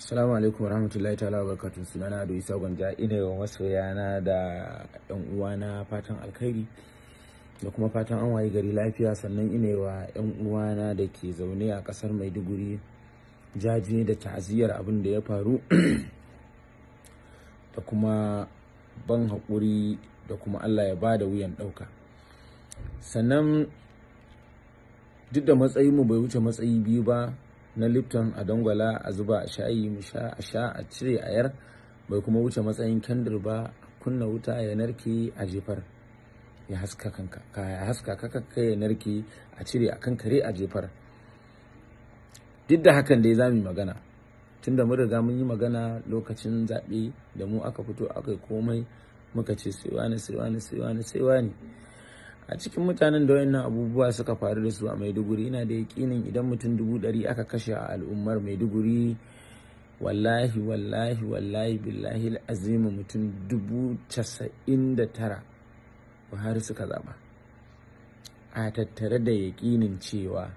Assalamu alaikum warahmatullahi ta'ala wa barakatun sunana da Isa Gwanja ina yawan masoyana da yan uwana fatan alkhairi da kuma fatan an waye gari lafiya sannan ina yawa yan uwana da ke zaune a kasar Maiduguri jaji da ta'aziyar abin da ya faru da kuma ban haƙuri da kuma Allah ya ba da wuyan ɗauka sannan duk da matsayinmu bai wuce matsayi biyu ba na lipton a dangwala a zuba a shayi mu sha a sha a cire a yar bai kuma wuce matsayin kyandir ba kunna wuta ya narke a jefar ya haska kanka ya haska kaka kai ya narke a cire a kan kare a jefar duk da hakan dai zamu magana tunda mun riga mun yi magana lokacin zaɓe da mu aka fito aka komai muka ce sai wani sai wani sai wani sai wani a cikin mutanen da wayannan abubuwa suka faru da su a maiduguri ina da yakinin idan mutum dubu ɗari aka kashe a al'ummar maiduguri wallahi wallahi wallahi billahi azima mutum dubu casa'in da tara buhari suka zaba a tattare da yakinin cewa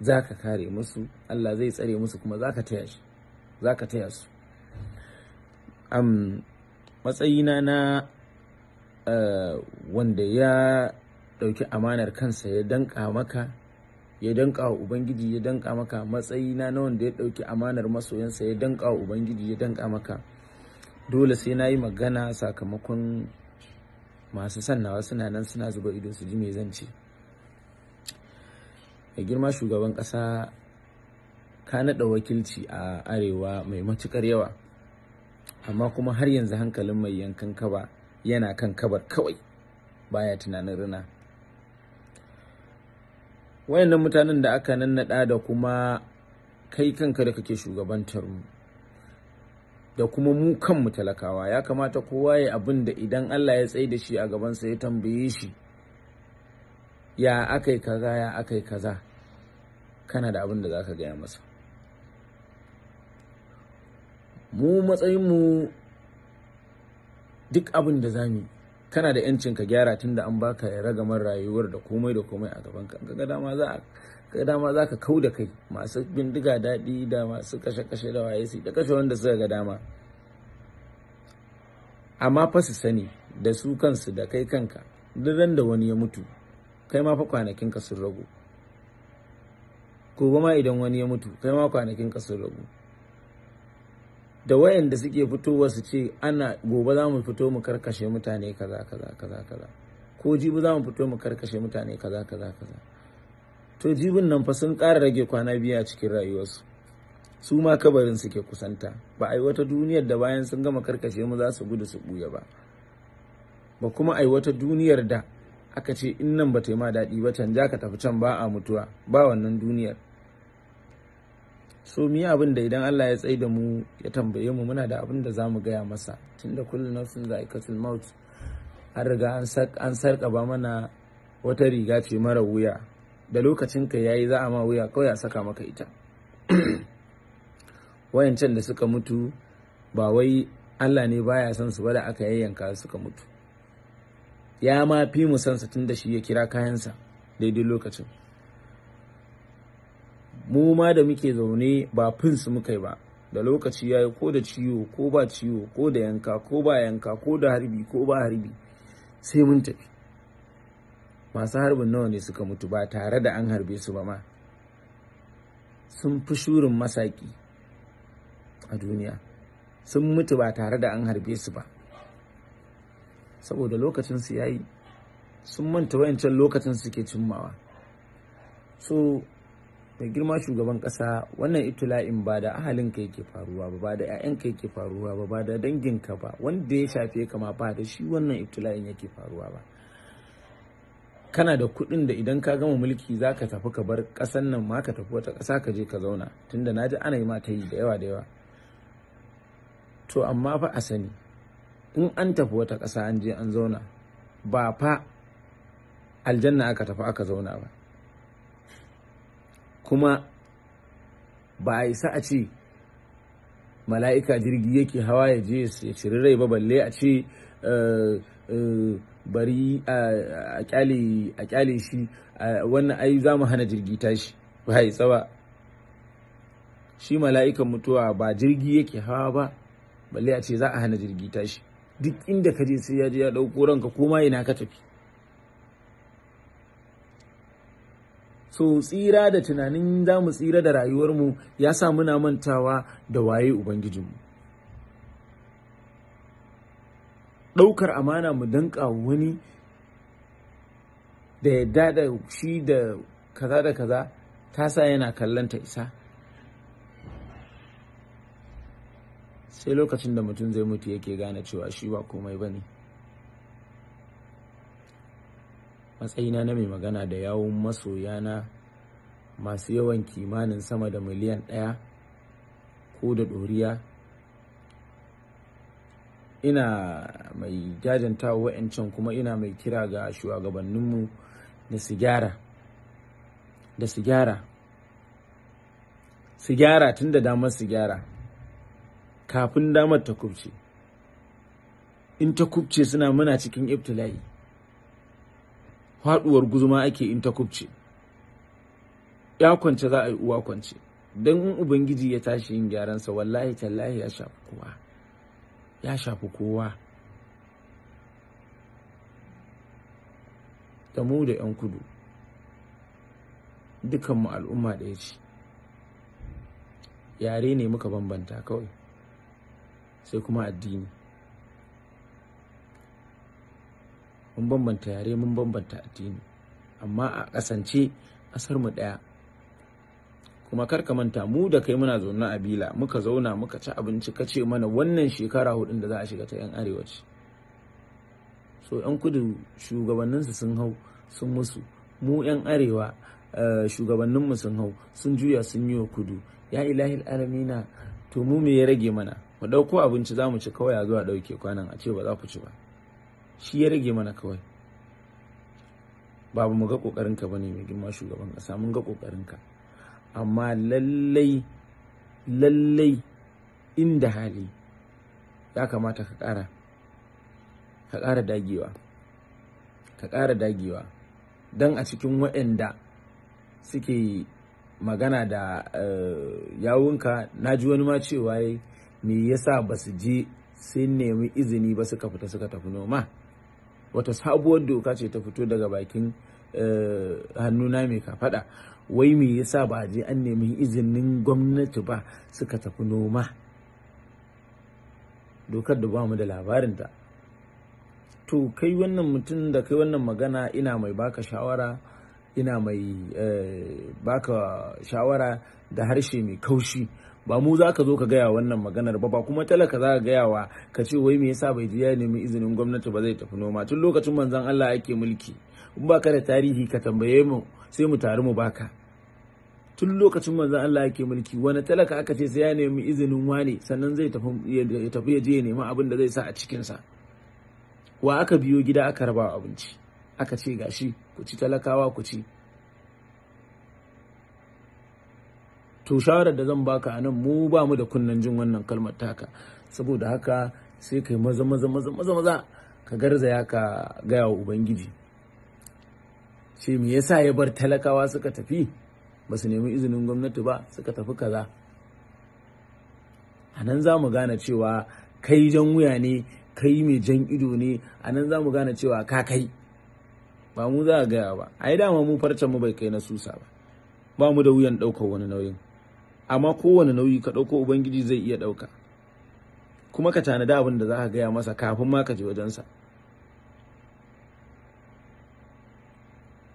za ka kare musu allah zai tsare musu kuma za ka taya su matsayina na Eh, wanda ya ɗauki amanar kansa ya danka maka ya danka wa ubangiji ya danka maka matsayina na wanda ya ɗauki amanar masoyansa ya danka wa ubangiji ya danka maka dole sai na yi magana sakamakon masu sannawa suna nan suna zuba ido su ji me zan ce girma shugaban ƙasa ka naɗa wakilci a arewa mai matukar yawa amma kuma har yanzu hankalin mai yankan ka ba. yana kan kabar kawai baya tunanin rina wayannan mutanen da aka nannaɗa da kuma kai kanka da kake shugabantar mu da kuma mu kanmu talakawa ya kamata kowa ya abin da idan Allah ya tsaye da shi a gabansa ya tambaye shi ya aka yi kaza ya aka yi kaza kana da abin da za ka gaya masa mu matsayin mu. duk abin da za mu kana da yancin ka gyara tun da an baka ya ragamar rayuwar da komai da komai a gaban ka ga dama za ka dama za ka kau da kai masu bindiga daɗi da masu kashe-kashe da waye su da kashe wanda suka ga dama amma fa su sani da su kansu da kai kanka duk ran da wani ya mutu kai ma fa kwanakin ka sun ragu gobe ma idan wani ya mutu kai ma kwanakin ka sun ragu da wayanda suke fitowa su ce ana gobe za mu fito mu karkashe mutane kaza kaza kaza kaza ko jibi za mu fito mu karkashe mutane kaza kaza kaza to jibin nan fa sun ƙara rage kwana biyu a cikin rayuwarsu su ma kabarin suke kusanta ba a yi wata duniyar da bayan sun gama karkashe mu za su gudu su buya ba ba kuma a yi wata duniyar da aka ce in nan ba ta yi ma daɗi ba can ja ka tafi can ba a mutuwa ba wannan duniyar so mi abin da idan Allah ya tsai da mu ya tambaye mu muna da abin da zamu gaya masa tunda kullum nafsin za'iqatul maut an riga an sarka ba mana wata riga ce mara wuya da lokacin ka yayi za a ma wuya kawai a saka maka ita wayancan da suka mutu ba wai Allah ne baya son su ba da aka yayyanka suka mutu ya ma fi mu san sa tun da shi ya kira kayansa daidai lokacin mu ma da muke zaune ba fins muka yi ba da lokaci ya yi ko da ciwo ko ba ciwo ko da yanka ko ba yanka ko da harbi ko ba harbi sai mun tafi masu harbin nawa ne suka mutu ba tare da an harbe su ba ma sun fi shurin masaki a duniya sun mutu ba tare da an harbe su ba saboda lokacin su yayi sun manta wayancan lokacin suke cimmawa so da girma shugaban kasa wannan itula'in ba da ka yake faruwa ba ba da 'ya'yanka yake faruwa ba ba da ka ba wanda ya shafe ka ma ba da shi wannan itula'in yake faruwa ba kana da kuɗin da idan ka gama mulki za ka tafi ka bar kasan nan ma ka tafi wata ƙasa ka je ka zauna tunda na ji ana yi ma ta yi da yawa da yawa to amma fa a sani in an tafi wata ƙasa an je an zauna ba fa aljanna aka tafi aka zauna ba kuma ba a isa a ce mala'ika jirgi yake hawa ya je ya ciri rai ba balle a ce eh, eh, bari a kyale shi wannan ai za mu hana jirgi tashi ba ya tsawa shi mala'ikan mutuwa ba jirgi yake hawa ba balle a ce za a hana jirgi tashi duk inda ka je sai ya je ya ɗauko ranka koma ina ka tafi so tsira da tunanin za mu tsira da rayuwarmu ya sa muna mantawa da waye ubangijinmu ɗaukar amana mu danka wani da yadda da shi da kaza da kaza ta sa yana kallon ta isa sai lokacin da mutum zai mutu yake gane cewa shi ba komai ba ne matsayina na mai magana da yawon masoyana masu yawan kimanin sama da miliyan ɗaya ko da ɗoriya ina mai jajanta wa'ancan kuma ina mai kira ga shugabanninmu da sigara? da sigara sigara tun da damar sigara kafin damar ta kubce in ta kubce suna muna cikin iftilai. faduwar guzuma ake in ta kubce ya kwance za a yi uwa kwance don in ubangiji ya tashi yin gyaransa wallahi tallahi ya shafi kowa ya shafi kowa da mu da 'yan kudu dukanmu al'umma da ya ce yare ne muka bambanta kawai sai kuma addini mun bambanta yare mun bambanta addini amma a kasance asar mu daya kuma kar ka manta mu da kai muna zaune a bila muka zauna muka ci abinci ka ce mana wannan shekara hudun da za a shiga ta yan arewa ce so yan kudu shugabannin su sun hau sun musu mu yan arewa eh, shugabannin mu sun hau sun juya sun yi wa kudu ya ilahil alamina to mu me ya rage mana mu ɗauko abinci za mu ci kawai a zuwa ɗauke kwanan a ce ba za ku ci ba shi ya rage mana kawai babu muga ga ka bane mai girma shugaban ƙasa mun ga kokarinka amma lallai lallai inda hali ya kamata ka ƙara ka kara dagewa ka kara dagewa don a cikin waɗanda suke magana da eh, yawunka na ji wani ma cewa me yasa ba su je sun nemi izini ba suka fita suka tafi noma wata sabuwar doka ce ta fito daga bakin eh, hannuna mai kafaɗa wai me yasa ba je an nemi izinin gwamnati ba suka tafi noma dokar da ba mu da labarinta to kai wannan mutum da kai wannan magana ina mai baka shawara ina mai eh, baka shawara da harshe mai kaushi ba mu za ka zo ka gaya wannan maganar ba ba kuma talaka za ka gaya wa ka ce wai me yasa bai je ya nemi izinin gwamnati ba zai tafi noma tun lokacin manzon Allah ake mulki in ba ka da tarihi ka tambaye mu sai mu taru mu baka tun lokacin manzon Allah yake mulki wani talaka aka ce sai ya nemi izinin wane sannan zai tafi ya je ya nemi abin da zai sa a cikin sa wa aka biyo gida aka raba abinci aka ce gashi ku ci talakawa ku ci to shawarar da zan baka a nan mu ba mu da kunnan jin wannan kalmar taka saboda haka sai kai maza maza maza maza maza ka garza ya ka gaya wa ubangiji shi me yasa ya bar talakawa suka tafi ba su nemi izinin gwamnati ba suka tafi kaza a nan za mu gane cewa kai jan wuya ne kai mai jan ido ne a nan za mu gane cewa ka kai ba mu za a gaya ba a yi dama mu farcen mu bai kai na susa ba ba mu da wuyan ɗaukar wani nauyin amma kowane nauyi ka ɗauko ubangiji zai iya ɗauka kuma ka tanada abin da za ka gaya masa kafin ma ka je wajensa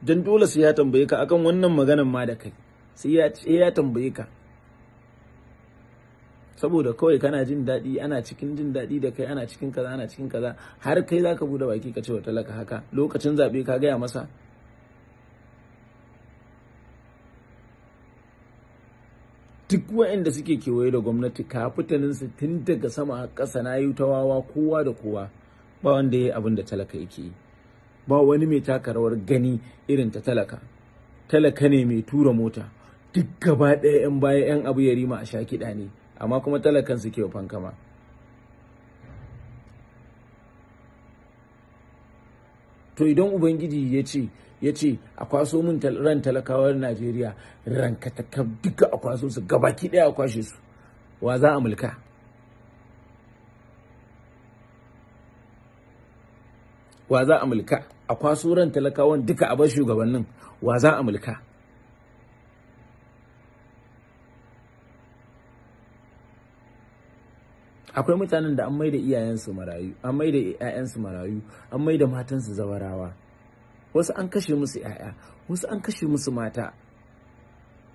don dole sai ya tambaye ka akan wannan maganan ma da kai sai ya tambaye ka saboda kawai kana jin daɗi ana cikin jin daɗi da kai ana cikin kaza ana cikin kaza har kai za ka bude baki ka ce wa talaka haka lokacin zaɓe ka gaya masa duk waɗanda suke kewaye da gwamnati ka kafitaninsu tun daga sama a ƙasa na yi ta wawa kowa da kowa ba wanda ya yi abin da talaka yake yi ba wani mai taka rawar gani irin ta talaka talaka ne mai tura mota duk gaba ɗaya 'yan baya 'yan abu ya rima a sha ne amma kuma talakan suke fankama to idan ubangiji ya ce ya ce a kwaso min ran talakawar najeriya ranka ta duka a kwaso su gabaki daya a kwashe su wa za a mulka wa za a mulka a kwaso ran talakawan duka a bar shugabannin wa za a mulka akwai mutanen da an maida iyayensu marayu an maida 'ya'yansu marayu an maida matansu zawarawa wasu an kashe musu 'ya'ya wasu an kashe musu mata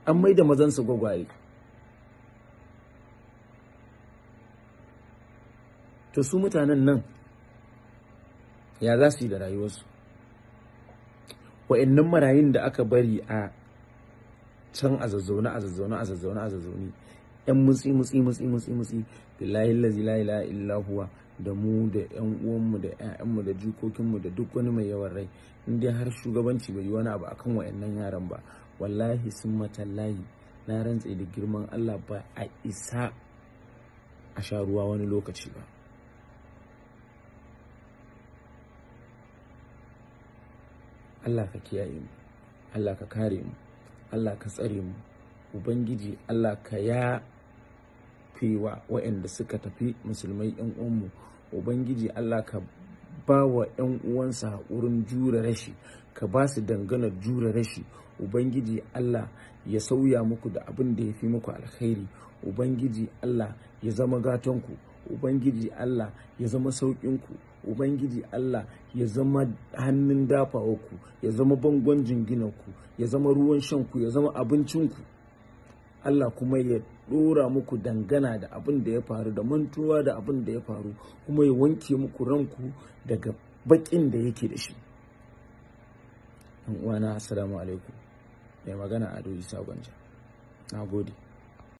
an maida mazansu gwagwaye to su mutanen nan ya za su yi da rayuwarsu wa'annan marayun da aka bari a can a zazzauna a zazzauna a zazzauna a yan mutsi mutsi mutsi mutsi mutsi billahi lazi la ilaha da mu da yan uwanmu da ƴaƴanmu da jikokinmu da duk wani mai yawan rai in dai har shugabanci bai yi wani abu akan wayannan yaran ba wallahi sun matallahi na rantse da girman Allah ba a isa a sha ruwa wani lokaci ba Allah ka kiyaye mu Allah ka kare mu Allah ka tsare mu Ubangiji Allah ka ya kai wa waɗanda suka tafi musulmai yan uwanmu ubangiji allah ka ba wa yan uwansa haƙurin jure rashi ka ba su danganar jure rashi ubangiji allah ya sauya muku da abin da ya fi muku alkhairi ubangiji allah ya zama gatonku ubangiji allah ya zama sauƙinku ubangiji allah ya zama hannun dafawarku ya zama bangon ku ya zama ruwan shanku ya zama abincinku allah kuma ya dora muku dangana da abin da ya faru da mantuwa da abin da ya faru kuma ya wanke muku ranku daga bakin da yake da shi uwana assalamu alaikum mai magana a doji sagonja na gode